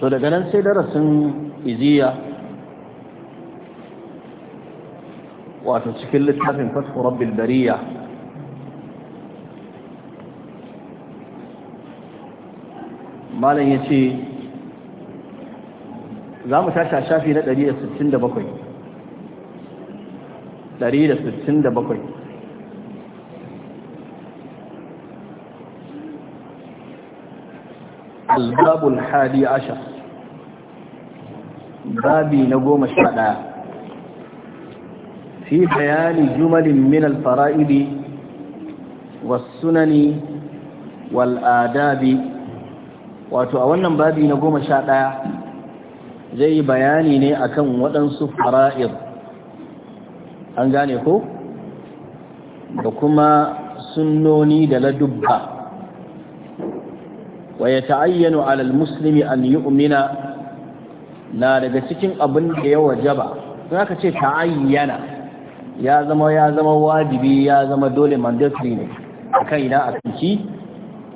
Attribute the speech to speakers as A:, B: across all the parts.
A: to daga nan sai darasin iziya wato cikin littafin fasfo rabbil bariya malam ya ce za mu tashi a shafi na 167 167 albabul hadi ashar babi na goma sha ɗaya fi bayani jumalin min alfara'idi wasunani wal'adabi wato a wannan babi na goma sha ɗaya zai yi bayani ne akan waɗansu fara'id an gane ko da kuma sunnoni da ladubba wa ya ta'ayyanu alal muslimi an na daga cikin abin da ya wajaba Zaka aka ce ta'ayyana ya zama ya zama wajibi ya zama dole mandatory ne a kan a kanki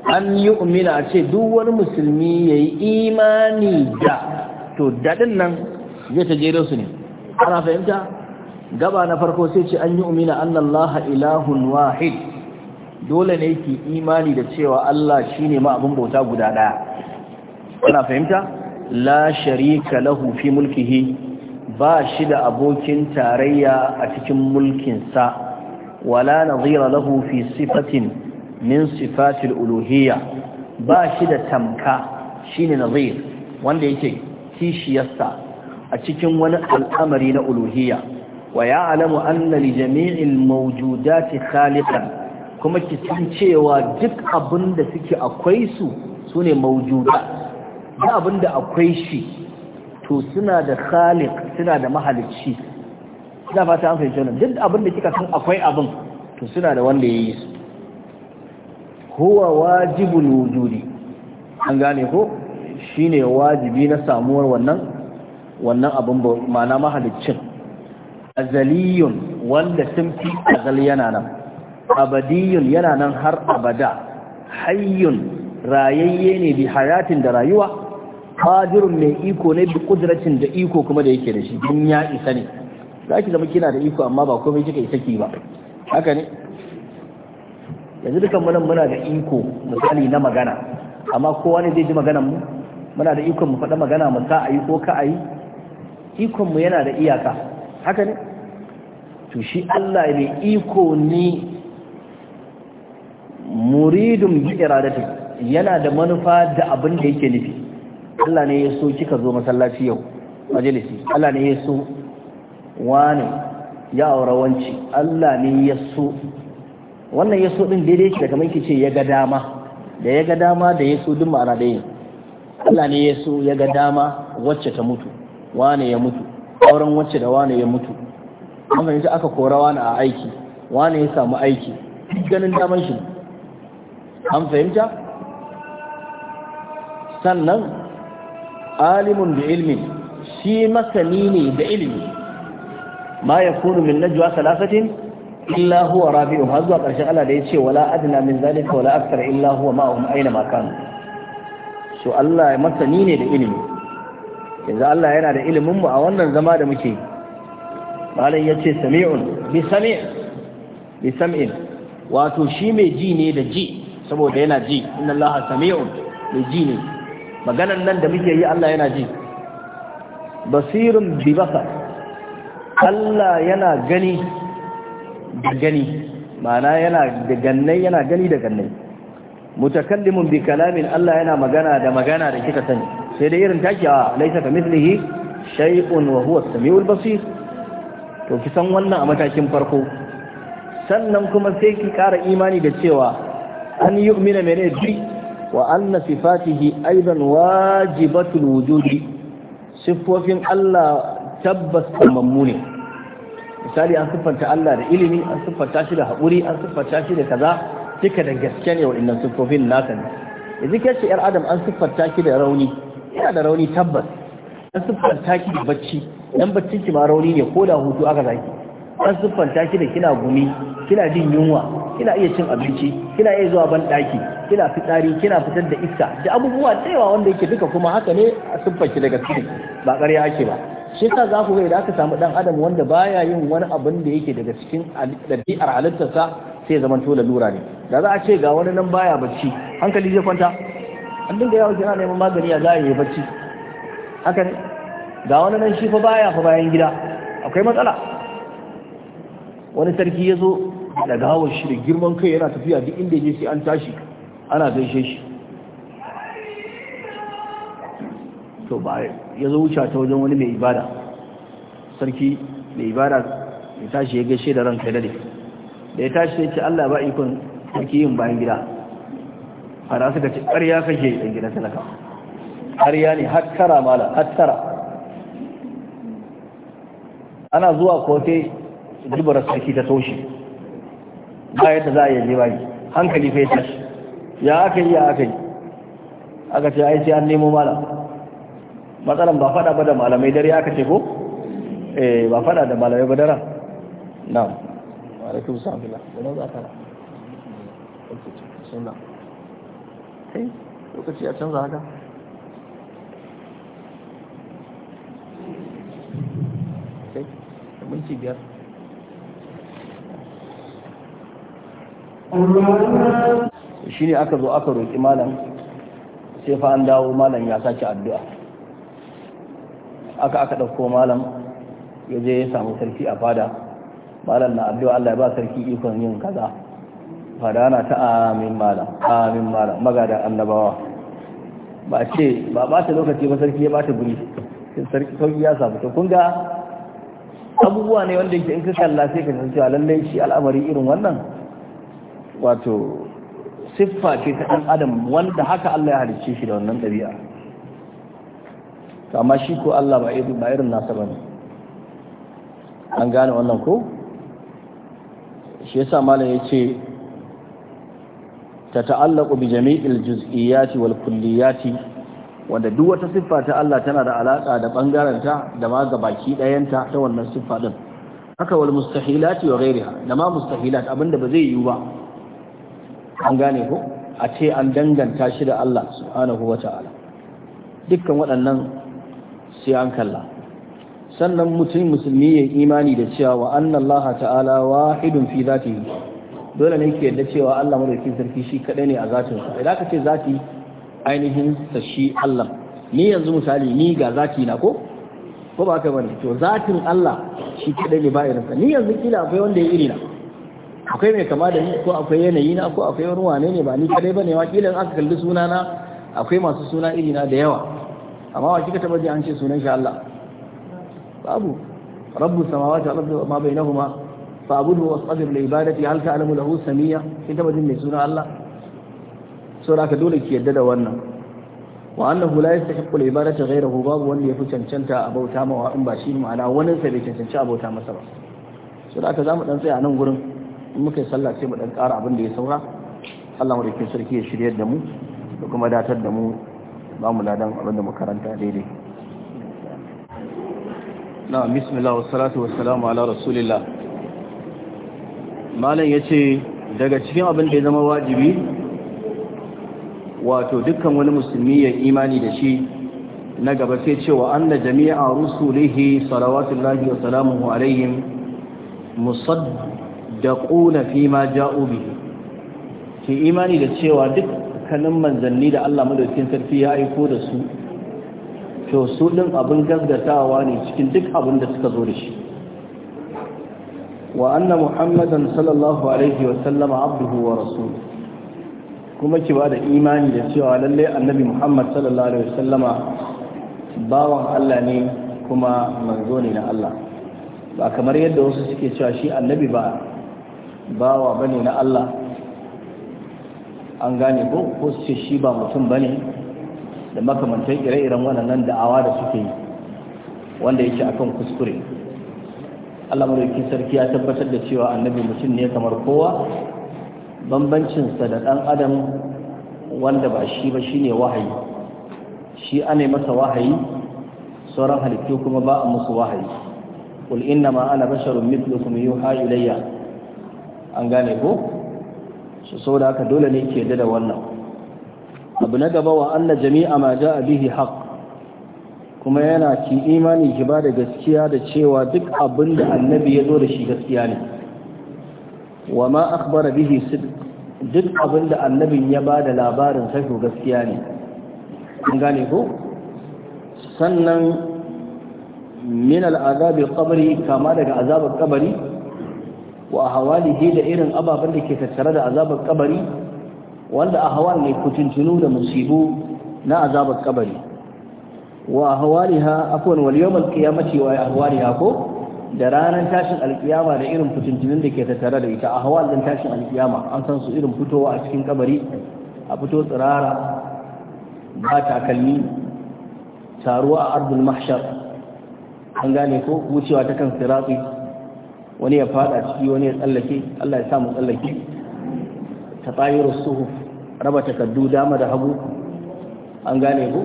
A: an yu'mina a ce duk wani musulmi ya yi imani da to daɗin nan zai ta jere su ne ana fahimta gaba na farko sai ce an yu'mina annallaha ilahun wahid dole ne ki imani da cewa Allah shine ma abin bauta guda ɗaya. kana fahimta la sharika lahu fi mulkihi ba shi da abokin tarayya a cikin mulkinsa wala nazira lahu fi sifatin min sifatil uluhiyya ba shi da tamka shine nazir wanda yake kishiyarsa a cikin wani al'amari na uluhiyya wa ya'lamu anna li jami'il mawjudati khaliqan kuma ki san cewa duk abin da suke akwai su su ne maujuda da abin da akwai shi to suna da khaliq suna da mahalicci Suna fata an fahimci wannan duk abin da kika san akwai abin to suna da wanda yayi su huwa wajibul wujudi an gane ko shine wajibi na samuwar wannan wannan abin ma'ana mahaliccin azaliyun wanda sun fi azal yana nan abadiyun yana nan har abada hayyun rayayye ne bi hayatin da rayuwa qadirun mai iko ne bi kudratin da iko kuma da yake da shi din ya isa ne zaki zama kina da iko amma ba komai kika isa ki ba haka ne yanzu dukan mu nan muna da iko misali na magana amma kowa ne zai ji maganar mu muna da ikon mu faɗa magana mu sa ayi ko ka ayi ikon mu yana da iyaka haka ne to shi Allah ne iko ne muridun bi iradatu yana da manufa da abin da yake nufi Allah ne ya so kika zo masallaci yau majalisi Allah ne ya so wani ya aure wanci Allah ne yaso wannan ya so din daidai yake da kamar kike ce ya ga dama da ya ga dama da ya so din ma'ana da yin Allah ne ya so ya ga dama wacce ta mutu wani ya mutu auren wacce da wani ya mutu amma yanzu aka kora wani a aiki wani ya samu aiki ganin daman shi an fahimta sannan alimun da ilmin shi masani ne da ilimi ma ya kunu min najwa salasatin illa huwa rabi'u har zuwa ƙarshen Allah da ya ce wala adna min zalika wala akthar illa huwa ma'ahum aina ma kanu so Allah ya masani ne da ilimi yanzu Allah yana da ilimin mu a wannan zama da muke malam yace sami'un bi sami' bi sam'in wato shi mai ji ne da ji saboda yana ji inna Allah sami'un mai ji ne maganar nan da muke yi Allah yana ji basirun bi basar Allah yana gani da gani ma'ana yana da gannai yana gani da gannai mutakallimun bi kalamin Allah yana magana da magana da kika sani sai dai irin taki a laisa ka mislihi shay'un wa huwa as-sami'ul basir to ki san wannan a matakin farko sannan kuma sai ki ƙara imani da cewa an yi yu'mina mene bi wa anna sifatihi aidan wajibatul wujudi siffofin Allah tabbas kamammu ne misali an siffanta Allah da ilimi an siffanta shi da haƙuri an siffanta shi da kaza duka da gaske ne waɗannan siffofin naka ne yanzu ce yar adam an siffanta shi da rauni yana da rauni tabbas an siffanta shi da bacci 'yan baccin ki ma rauni ne ko da hutu aka zaki an siffanta shi da kina gumi kina jin yunwa kina iya cin abinci kina iya zuwa ban daki kina fitsari kina fitar da iska da abubuwa da yawa wanda yake duka kuma haka ne a ki daga cikin ba ƙarya ake ba shi ka za ku ga idan aka samu dan adam wanda baya yin wani abin da yake daga cikin ɗabi'ar halittarsa sai ya zamanto lalura ne da za a ce ga wani nan baya bacci hankali zai kwanta an dinga yawo kina neman magani a za a yi bacci haka ne ga wani nan shi fa baya fa bayan gida akwai matsala wani sarki ya zo dagawar shi da girman kai yana tafiya duk inda je sai an tashi ana gaishe shi to ba ya zo wuce ta wajen wani mai ibada sarki mai ibada ya tashi ya gaishe da ranka dare. da ya tashi sai ce Allah ba ikon sarki yin bayan gida fara suka ce ƙarya kake dan gida talaka ƙarya ne hattara mala hattara ana zuwa kote dubara sarki ta toshe bayan yadda za a yi bayi hankali fai tashi ya aka yi ya aka yi aka ce aiki an nemo malam matsalan ba fada ba da malamai dare aka ce ko eh ba fada da malamai ba dara na wa alaikum da na za ka sunna kai lokaci a canza haka kai minti biyar shi ne aka zo aka roƙi malam sai fa an dawo malam ya sace addu'a aka aka ɗauko malam ya je ya samu sarki a fada malam na addu'a Allah ya ba sarki ikon yin kaza fada na ta amin malam amin malam magada annabawa ba ce ba ba ta lokaci ba sarki ya ba ta guri sarki sauki ya samu to kun ga abubuwa ne wanda yake in ka kalla sai ka san cewa lallai shi al'amari irin wannan wato siffa ce ta ɗan adam wanda haka Allah ya halicce shi da wannan ɗabi'a amma shi ko Allah ba irin nasa ba ne an gane wannan ko shi ya sa malam ya ce ta ta'allaku bi jami'il juz'iyyati wal kulliyati wanda duk wata siffa ta Allah tana da alaka da bangaranta da ma gabaki dayanta ta wannan siffa din haka wal mustahilati wa ghairiha da ma mustahilat abinda ba zai yiwu ba an gane ko a ce an danganta shi da Allah subhanahu wa ta'ala dukkan waɗannan sai an kalla sannan mutum musulmi ya imani da cewa wa Allah ta'ala wahidun fi zatihi dole ne ke yadda cewa Allah madaukakin sarki shi kadai ne a zatin sa idan ka ce zati ainihin sa shi Allah ni yanzu misali ni ga zati na ko ko ba ka bane to zatin Allah shi kadai ne ba irin sa ni yanzu kila akwai wanda ya iri na akwai mai kama da ni ko akwai yanayi na ko akwai wani wane ne ba ni kadai bane ma kila aka kalli suna na akwai masu suna iri na da yawa amma wa kika taba ji an ce sunan shi Allah babu rabbu samawati wal ma bainahuma fa'budhu wasbir li ibadati hal ta'lamu lahu samia kin taba jin mai suna Allah saboda haka dole ki yadda da wannan wa annahu la yastahiqqu al ibadata ghayrahu babu wanda ya fi cancanta a bauta mawa in ba shi ma'ana wani sa bai cancanci a bauta masa ba saboda haka zamu dan tsaya nan gurin in muka yi sallah sai mu dan ƙara abin da ya saura Allah mu rikin sarki ya shiryar da mu da kuma datar da mu ba mu ladan abin da makaranta daidai na bismillah wa salatu wa salamu ala rasulillah malam yace daga cikin abin da ya zama wajibi wato dukkan wani musulmi ya imani da shi na gaba sai cewa anna jami'a rusulihi salawatullahi wa salamuhu alaihim musaddaq da ƙuna fi ma ja'u bihi ke imani da cewa duk kanin manzanni da Allah madaukakin sarki ya aiko da su to su din abin gaggatawa ne cikin duk abin da suka zo da shi wa anna muhammadan sallallahu alaihi wa sallama abduhu wa rasuluhu kuma ki ba da imani da cewa lalle annabi muhammad sallallahu alaihi wa sallama bawan Allah ne kuma manzo ne na Allah ba kamar yadda wasu suke cewa shi annabi ba bawa bane na Allah an gane ko ko shi ba mutum bane da makamantar ire-iren wannan da'awa da suke yi wanda yake akan kuskure Allah madaukakin sarki ya tabbatar da cewa annabi mutum ne kamar kowa bambancinsa da ɗan adam wanda ba shi ba shine wahayi shi ana masa wahayi sauran halittu kuma ba a musu wahayi qul inna ma ana basharun mithlukum yuha ilayya an gane ko su saboda haka dole ne ke da wannan abu na gaba wa anna jami'a ma ja'a bihi haqq kuma yana ki imani ki ba da gaskiya da cewa duk abin da annabi ya zo da shi gaskiya ne wa ma akhbara bihi sidq duk abin da annabin ya ba da labarin sa to gaskiya ne An gane ko sannan min al'azabi qabri kama daga azabar kabari wa dai da irin ababen da ke tattare da azabar kabari wanda ahwal ne kutuntunu da musibu na azabar kabari wa ahwaliha afwan wal yawm al qiyamati wa ahwaliha ko da ranar tashin alkiyama da irin fitintunin da ke tattare da ita ahwal din tashin alkiyama an san su irin fitowa a cikin kabari a fito tsirara ba takalmi taruwa a ardul mahshar an gane ko wucewa ta kan siratsi wani ya fada ciki wani ya tsallake Allah ya sa mu tsallake ta tsayiru suhu raba takardu dama da hagu an gane ku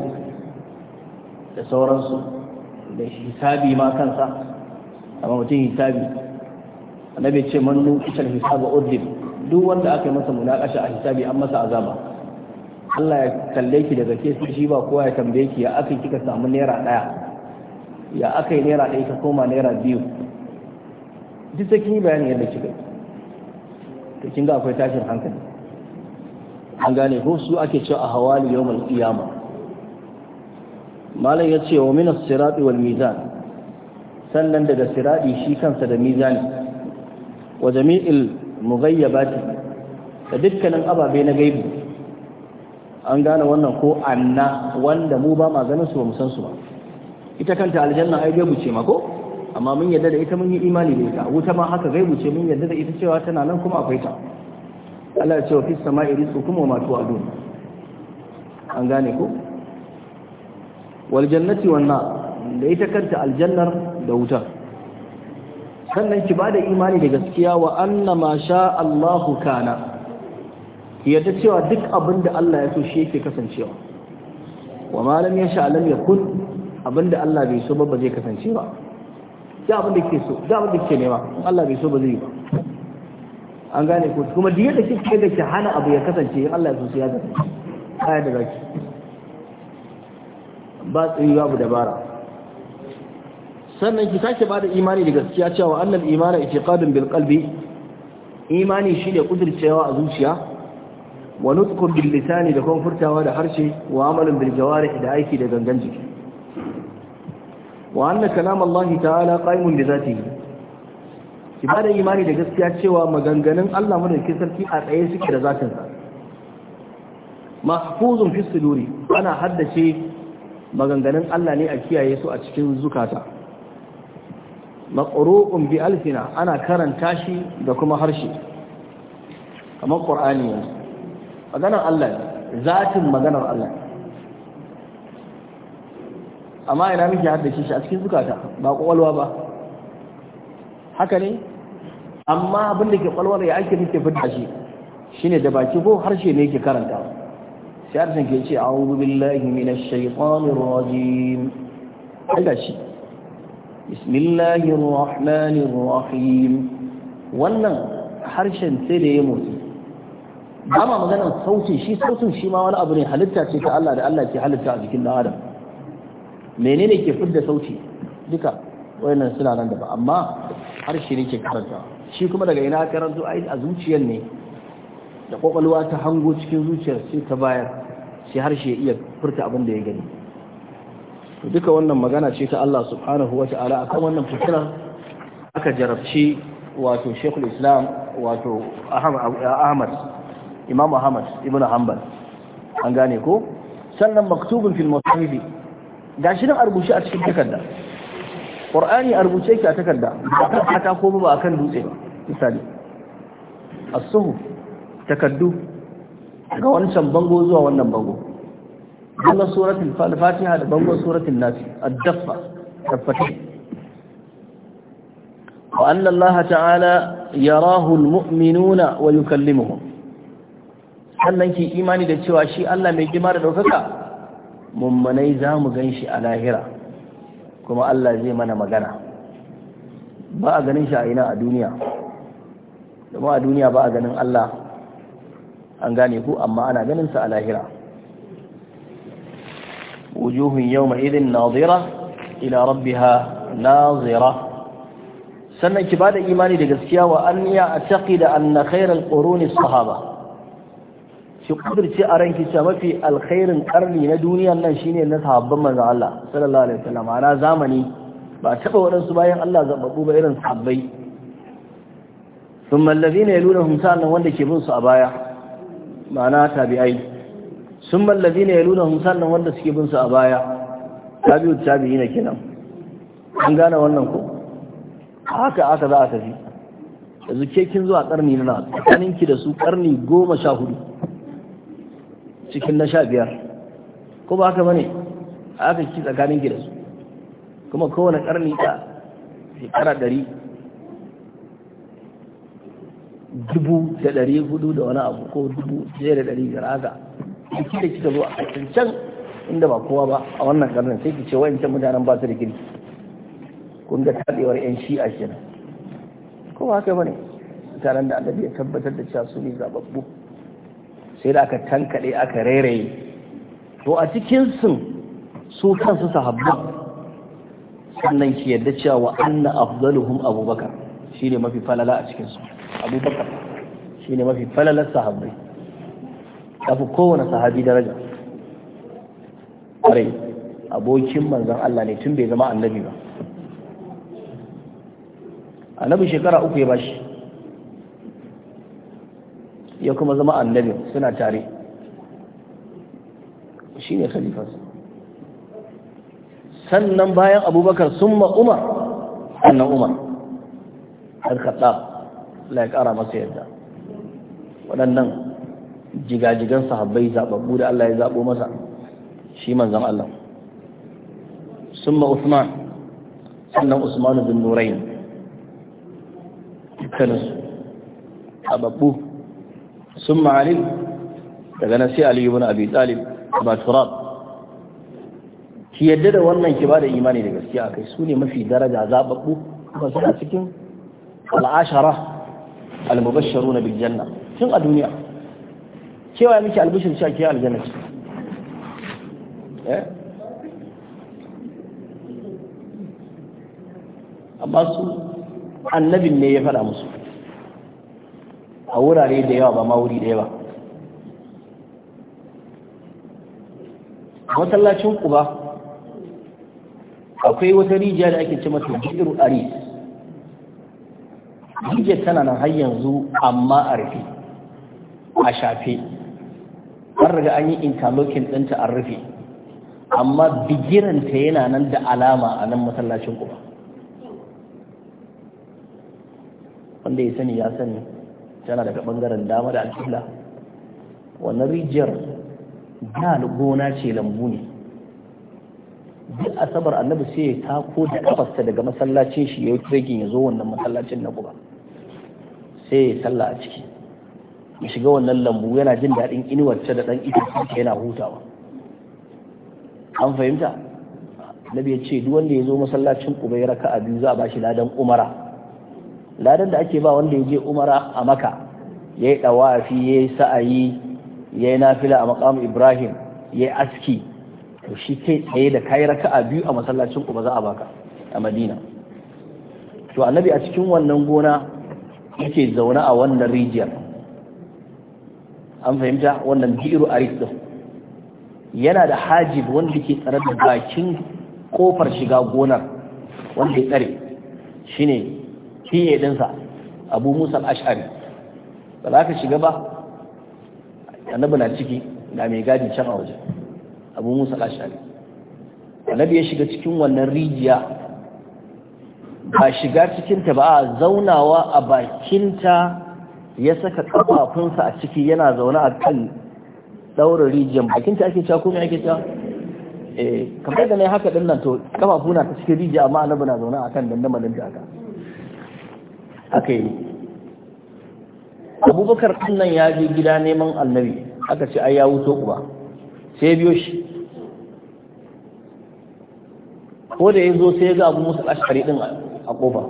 A: da sauransu da hisabi ma kansa amma mutum hisabi annabi ce man nuqishal hisabu udib duk wanda aka yi masa munakasha a hisabi an masa azaba Allah ya kalle ki daga ke shi ba kowa ya tambaye ki ya aka kika samu naira daya ya aka yi naira ɗaya ka koma naira biyu duk sai kin yi bayani yadda kika to kin ga akwai tashin hankali an gane ko su ake cewa a hawali yawmal qiyama malam ya ce wa min as-sirat wal mizan sannan daga siradi shi kansa da mizani wa jami'il mughayyabati da dukkanin ababe na gaibi an gane wannan ko anna wanda mu ba ma ganin su ba mu san su ba ita kanta aljanna ai gaibu ce ma ko amma mun yadda da ita mun yi imani da ita wuta ma haka gaibu ce mun yadda da ita cewa tana nan kuma akwai ta Allah ya ce wa fis sama'i rizqukum wa ma tu'adun an gane ko wal jannati wan nar da ita kanta aljannar da wuta sannan ki ba da imani da gaskiya wa anna ma sha Allahu kana yadda cewa duk abin da Allah ya so shi yake kasancewa wa ma lam yasha lam yakun abin da Allah bai so ba ba zai kasance ba da abin da ke so da abin da ke nema Allah bai so ba zai yi ba an gane ko kuma duk yadda kike da ke hana abu ya kasance in Allah ya so ya zama kai da zaki ba tsiri babu dabara sannan ki sake bada imani da gaskiya cewa annal imani i'tiqadun bil qalbi imani shine kudircewa a zuciya wa nutqu bil lisani da kuma furtawa da harshe wa amalan bil jawarih da aiki da gangan jiki wa anna kalam Allah ta'ala qaimun bi ki imani da gaskiya cewa maganganun Allah madaukakin sarki a tsaye suke da zatin sa mahfuzun fi suduri ana haddace maganganun Allah ne a kiyaye su a cikin zukata maqru'un bi alfina ana karanta shi da kuma harshe kamar qur'ani maganar Allah zatin maganar Allah amma ina muke haddace shi a cikin zukata ba kwakwalwa ba haka ne amma abin da ke kwalwar ya ake muke fidda shi shine da baki ko harshe ne yake karanta sai harshen ke ce a'udhu billahi minash shaitanir rajim Allah shi bismillahir rahmanir rahim wannan harshen sai da ya motsi ba ma maganar sautin shi sautin shi ma wani abu ne halitta ce ta Allah da Allah ke halitta a jikin dan adam menene ke fidda sauti duka wayannan suna nan da ba amma harshe ne ke karanta shi kuma daga ina karanto ai a zuciyar ne da kokolwa ta hango cikin zuciyar sai ta bayar sai harshe ya iya furta abin da ya gani to duka wannan magana ce ta Allah subhanahu wa ta'ala akan wannan fikira aka jarabci wato Sheikhul Islam wato Ahmad Imam Ahmad ibn Hanbal an gane ko sannan maktubun fil mutahibi gashi nan a rubuce a cikin takarda qur'ani a rubuce yake a takarda ba kan haka ko ba a kan dutse ba misali as-suhu takaddu ga wancan bango zuwa wannan bango wannan suratul fatiha da bangon suratul nas ad-daffa tabbata wa anna allaha ta'ala yarahu al-mu'minuna wa yukallimuhum sannan ki imani da cewa shi Allah mai girma da daukaka mummunai za mu gan shi a lahira kuma Allah zai mana magana ba a ganin shi a ina a duniya domin a duniya ba a ganin Allah an gane ku amma ana ganin sa a lahira wujuhun yawma idhin nadira ila rabbiha nazira sannan ki bada imani da gaskiya wa an ya taqida anna khairal quruni sahaba shi kudurce a ranki cewa mafi alkhairin karni na duniyan nan shine na sahabban manzon Allah sallallahu alaihi wasallam ana zamani ba taba wadansu bayan Allah zababbu ba irin sahabbai thumma alladhina yalunhum sa'an wanda ke bin su a baya ma'ana tabi'ai thumma alladhina yalunhum sa'an wanda suke bin su a baya tabi'ut tabi'ina kenan an gane wannan ko haka aka za a tafi yanzu ke kin zuwa karni na nan? tsakaninki da su karni goma sha hudu cikin na sha biyar ko ba haka bane a aka ki tsakanin gida su kuma kowane karni ta shekara ɗari dubu da ɗari hudu da wani abu ko dubu jere da ɗari biyar haka ciki da kika zo a can inda ba kowa ba a wannan karnin sai ki ce wa'ancan mutanen ba su da kirki kun ga taɗewar 'yan shi'a kenan ko ba haka bane mutanen da annabi ya tabbatar da cewa su ne zababbu sai da aka tankaɗe aka rairaye to a cikinsu su kansu sahabban sannan ki yadda cewa wa anna afdaluhum abubakar shine mafi falala a cikinsu abubakar shine mafi falalar sahabbai tafi kowane sahabi daraja ƙwarai abokin manzon Allah ne tun bai zama annabi ba annabi shekara uku ya bashi ya kuma zama annabi suna tare shi ne khalifansa sannan bayan abubakar sun umar annan umar har kaɗa la ƙara masa yadda waɗannan jigajigan sahabbai zaɓaɓɓu da Allah ya zaɓo masa shi manzan Allah sun Usman sannan Usmanu bin Nurain, Nurayn dukkaninsu zaɓaɓɓu Sun علي daga nasi sai Ali ibn Abi Talib ba turab ki yadda da wannan ki bada imani da gaskiya kai su ne mafi daraja zababbu kuma suna cikin al'ashara al-mubashsharuna bil janna tun a duniya cewa miki albishir shi ake aljanna eh amma su annabin ne ya faɗa musu a wurare da yawa ba ma wuri ɗaya ba masallacin ba, akwai wata rijiya da ake ce mata jiru ari rijiyar tana nan har yanzu amma a rufe a shafe an riga an yi interlocking ɗinta an rufe amma bigiranta yana nan da alama a nan masallacin ba. wanda ya sani ya sani tana daga bangaren dama da alƙibla wannan rijiyar da gona ce lambu ne duk asabar annabi sai ya tako da kafarsa daga masallacin shi ya yi kirgin ya zo wannan masallacin na guba sai ya sallah a ciki ya shiga wannan lambu yana jin daɗin inuwarce da ɗan ita yana hutawa an fahimta nabi ya ce duk wanda ya zo masallacin kuba ya raka a biyu za a ba shi ladan umara ladan da ake ba wanda ya je umara a maka ya yi ɗawafi ya yi sa'ayi ya yi nafila a makamu ibrahim ya yi aski to shi kai tsaye da kayi a biyu a masallacin ku ba za a baka a madina to annabi a cikin wannan gona yake zaune a wannan rijiyar an fahimta wannan biru a rikdo yana da hajib wanda ke tsare da bakin kofar shiga gonar wanda ya tsare shine PA ɗinsa abu musa Al ash'ari ba za ka shiga ba annabi na ciki ga mai gadi can a waje abu musa ash'ari annabi ya shiga cikin wannan rijiya ba shiga cikinta ba a zaunawa a bakinta ya saka kafafunsa a ciki yana zaune a kan ɗaura rijiyar bakinta ake cewa kuma ake cewa eh, kamar da ne haka dinnan to kafafuna ta cikin rijiya amma annabi na zaune a kan dandamalin da aka aka yi abubakar nan ya je gida neman annabi aka ce ai ya wuto uba sai ya biyo shi ko da ya zo sai ya ga abu musu ashari ɗin a ƙofa.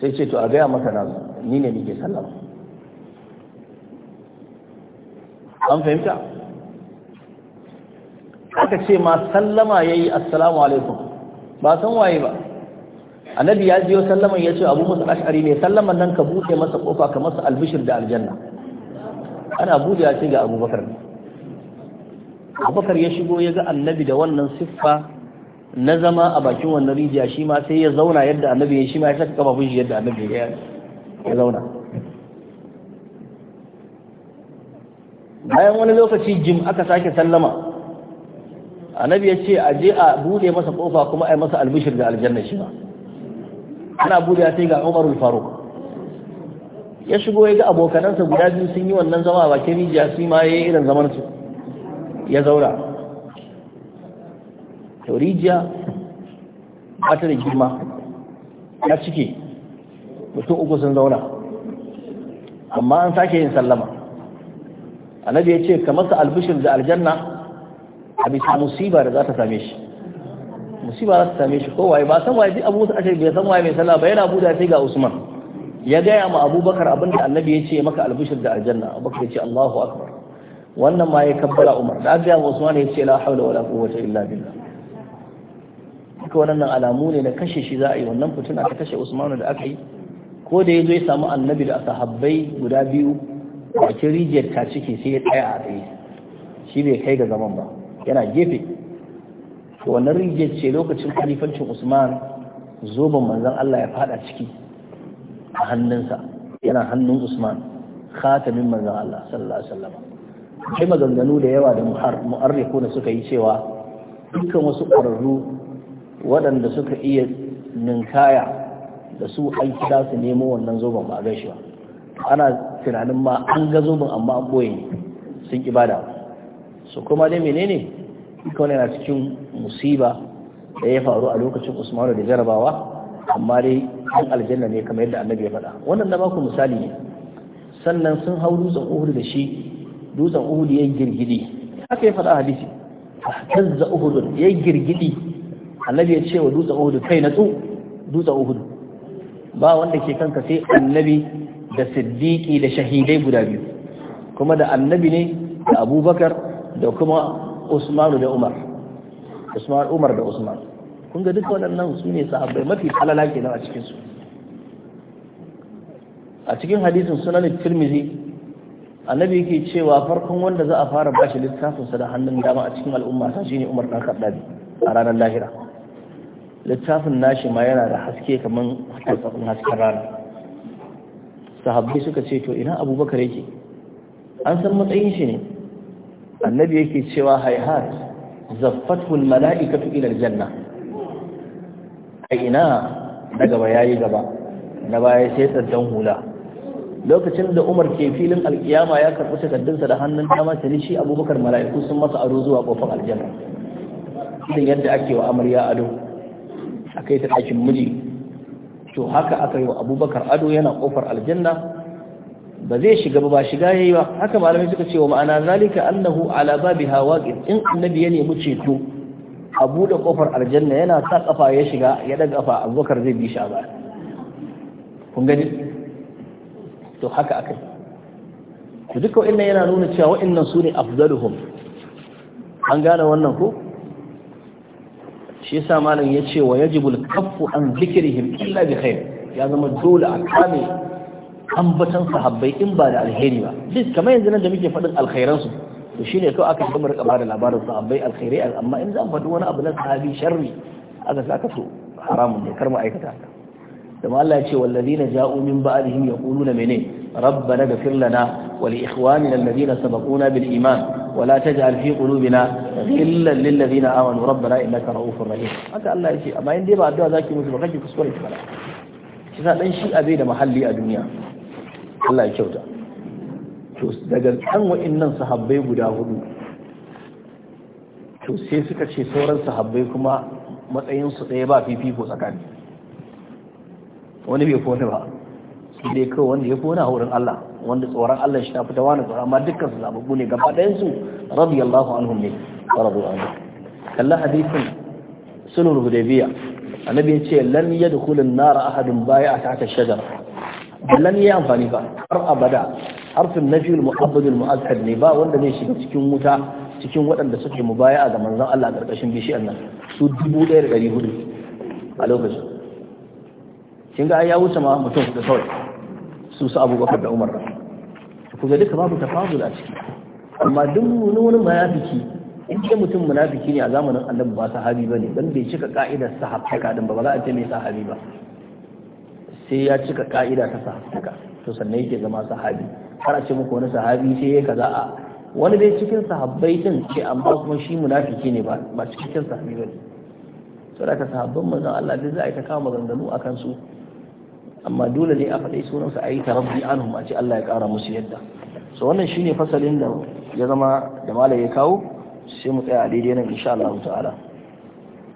A: sai ce to a gaya masa na ni ne nike sallama an fahimta aka ce ma sallama ya yi assalamu alaikum ba san waye ba annabi ya jiyo sallaman ya ce abu musu ash'ari ne sallaman nan ka buɗe masa kofa ka masa albishir da aljanna ana buɗe ce ga abubakar abubakar ya shigo ya ga annabi da wannan siffa na zama a bakin wannan rijiya shi ma sai ya zauna yadda annabi ya shi ma ya saka kafafun shi yadda annabi ya zauna bayan wani lokaci jim aka sake sallama annabi ya ce a je a buɗe masa kofa kuma a yi masa albishir da aljanna shi ma ana buɗe sai ga Umar Faruk ya shigo ya ga abokanansa guda biyu sun yi wannan zama a bakin rijiya su ma ya yi irin zaman su ya zaura to rijiya ba da girma ya cike mutum uku sun zauna amma an sake yin sallama annabi ya ce ka masa albishir da aljanna a bisa musiba da za ta same shi musiba za ta same shi kowaye ba san waye duk abu musu bai san waye mai sallah ba yana buda sai ga usman ya gaya ma abubakar abin da annabi ya ce maka albishir da aljanna abubakar ya ce allahu akbar wannan ma ya kabbala umar da gaya ma usman ya ce la hawla wala quwwata illa billah duka wannan alamu ne na kashe shi za a yi wannan fitina ta kashe usman da aka yi ko da ya zo ya samu annabi da sahabbai guda biyu cikin rijiyar ta ciki sai ya tsaya a tsaye shi bai kai ga zaman ba yana gefe wannan rigiyar ce lokacin khalifancin usman zoben manzan Allah ya fada ciki a hannunsa yana hannun usman khatamin manzan Allah sallallahu alaihi wasallam sai maganganu da yawa da mu'arriku da suka yi cewa dukkan wasu ƙwararru waɗanda suka iya ninkaya da su an kira su nemo wannan zoben ba gashi ba ana tunanin ma an ga zoben amma an boye sun ki bada su kuma dai menene duka yana cikin musiba da ya faru a lokacin usmanu da jarabawa amma dai an aljanna ne kamar yadda annabi ya faɗa wannan na baku misali ne sannan sun hau dutsen uhud da shi dutsen uhud ya girgidi haka ya faɗa hadisi tazza uhud ya girgidi annabi ya ce wa dutsen uhud kai na tsu dutsen uhud ba wanda ke kanka sai annabi da siddiqi da shahidai guda biyu kuma da annabi ne da abubakar da kuma Usman da Umar Usman Umar da Usman kun ga duk waɗannan su ne sahabbai mafi falala kenan a cikin su a cikin hadisin sunan Tirmidhi annabi yake cewa farkon wanda za a fara bashi littafin sa da hannun dama a cikin al'umma sa shine Umar dan Khattabi a ranar lahira littafin nashi ma yana da haske kaman hasken rana sahabbai suka ce to ina abubakar yake an san matsayin shi ne annabi yake cewa haihat zaffatul mala'ikatu ila aljanna a ina na gaba yayi gaba na baya sai tsaddan hula lokacin da Umar ke filin alkiyama ya karɓi takardunsa da hannun dama ta shi Abubakar mala'iku sun masa aro zuwa kofar aljanna idan yadda ake wa amarya ado kai ta ɗakin miji to haka aka yi wa Abubakar ado yana kofar aljanna ba zai shiga ba shiga yayi ba haka malamai suka ce wa ma'ana zalika annahu ala babiha waqif in annabi ya nemi ceto a buɗe kofar aljanna yana sa kafa ya shiga ya daga kafa abubakar zai bi shi a baya kun gani to haka akai to duka wa'annan yana nuna cewa wa'annan su ne afdaluhum an gane wannan ko shi yasa malam ya ce wa yajibul kaffu an zikrihim illa bi khair ya zama dole a kame ambatan sahabbai in ba da alheri ba duk kamar yanzu nan da muke faɗin su to shine kawai aka gama rika bada labarin sahabbai alkhairai amma in za mu faɗi wani abu na sahabi sharri aka saka to haramun ne kar mu aikata haka kuma Allah ya ce wallazina ja'u min ba'dihim yaquluna mene rabbana ghfir lana wa li ikhwanina alladhina sabaquna bil iman wa la taj'al fi qulubina ghillan lil ladina amanu rabbana innaka ra'ufur rahim haka Allah ya ce amma in dai ba addu'a zaki musu ba kake kuskure ki fara shi sa dan shi abe da mahalli a duniya Allah ya kyauta to daga kan wa'annan sahabbai guda hudu to sai suka ce sauran sahabbai kuma matsayin su ɗaya ba fifiko tsakani wani bai kone ba su dai kawai wanda ya kone a wurin Allah wanda tsoron Allah shi ta fita wani tsoron amma dukkan su zababbu ne gaba ɗayan su radiyallahu anhum ne an hunne kalla hadisin sunan hudaybiya annabi ya ce lan yadkhulun nar ahadun bai'a ta shajara lan yi amfani ba har abada harfin na al-muhabbad al ne ba wanda zai shiga cikin wuta cikin waɗanda suke mu baya a ga manzon Allah karkashin bishiyar nan su dubu ɗaya da ɗari 1400 a lokacin kin ga ya wuce ma mutum da kawai su su abubakar da umar ku ga duka babu tafazul a ciki amma duk wani munafiki in ce mutum munafiki ne a zamanin annabi ba sahabi ne. dan bai cika ka'idar sahabtaka din ba ba za a ce mai sahabi ba sai ya cika ka'ida ta sahabtaka to sannan yake zama sahabi har a ce muku wani sahabi sai ya kaza a wani dai cikin sahabbai din ce amma kuma shi munafiki ne ba ba cikin sahabi ba ne saboda ka sahabban manzon Allah dai za a yi ta kama maganganu a kansu amma dole ne a faɗi sunansa a yi ta rabbi anhum a ce Allah ya ƙara musu yadda so wannan shine fasalin da ya zama da malai ya kawo sai mu tsaya a daidai nan insha Allah ta'ala